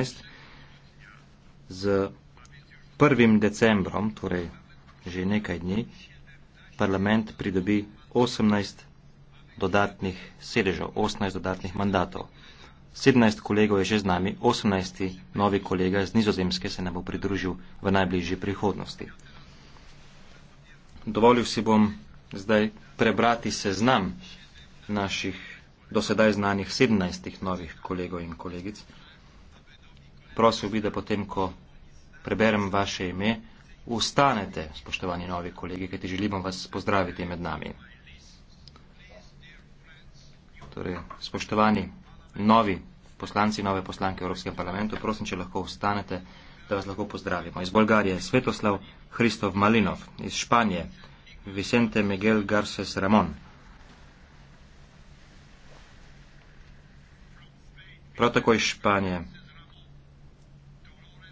2012 z prvim decembrom, torej že nekaj dni, parlament pridobi 18 dodatnih sedežev, 18 dodatnih mandatov. 17 kolegov je že z nami, 18 novi kolega z nizozemske se nam bo pridružil v najbližji prihodnosti. Dovolil si bom zdaj prebrati seznam naših dosedaj znanih 17 novih kolegov in kolegic prosil bi, da potem, ko preberem vaše ime, ustanete, spoštovani novi kolegi, kajti želimo vas pozdraviti med nami. Torej, spoštovani novi poslanci, nove poslanke Evropskega parlamentu, prosim, če lahko ustanete, da vas lahko pozdravimo. Iz Bolgarije Svetoslav Hristov Malinov, iz Španije Vicente Miguel Garces Ramon. Prav tako iz Španije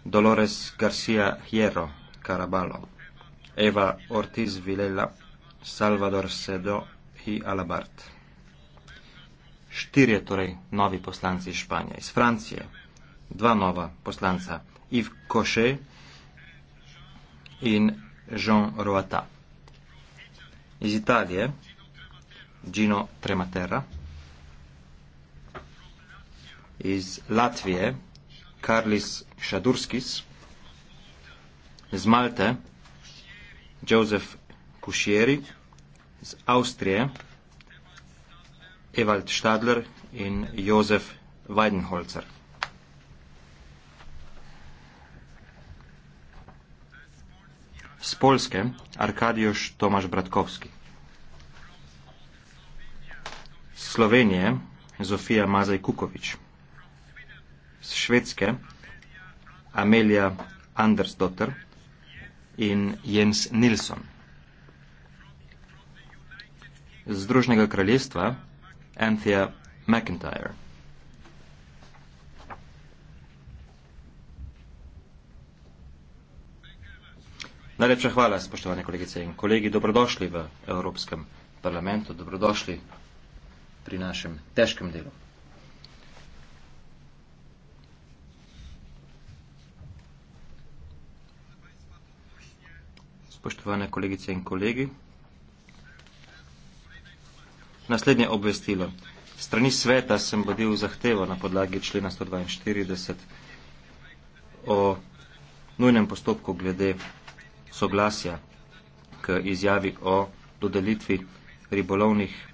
Dolores García Hierro Caraballo, Eva Ortiz Vilela, Salvador Sedo in Alabart. Štirje torej novi poslanci iz Španije, iz Francije, dva nova poslanca, Yves Coche in Jean Roata. Iz Italije, Gino Trematerra. Iz Latvije, Karlis Šadurskis, z Malte Joseph Kušieri, z Avstrije Ewald Stadler in Josef Weidenholzer. Z Polske Arkadijoš Tomaš Bratkovski, z Slovenije Zofija Mazaj Kukovič iz Švedske, Amelija Andersdotter in Jens Nilsson. Iz Združnega kraljestva Anthea McIntyre. Najlepša hvala, spoštovane kolegice in kolegi. Dobrodošli v Evropskem parlamentu, dobrodošli pri našem težkem delu. spoštovane kolegice in kolegi. Naslednje obvestilo. Strani sveta sem vodil zahtevo na podlagi člena 142 o nujnem postopku glede soglasja k izjavi o dodelitvi ribolovnih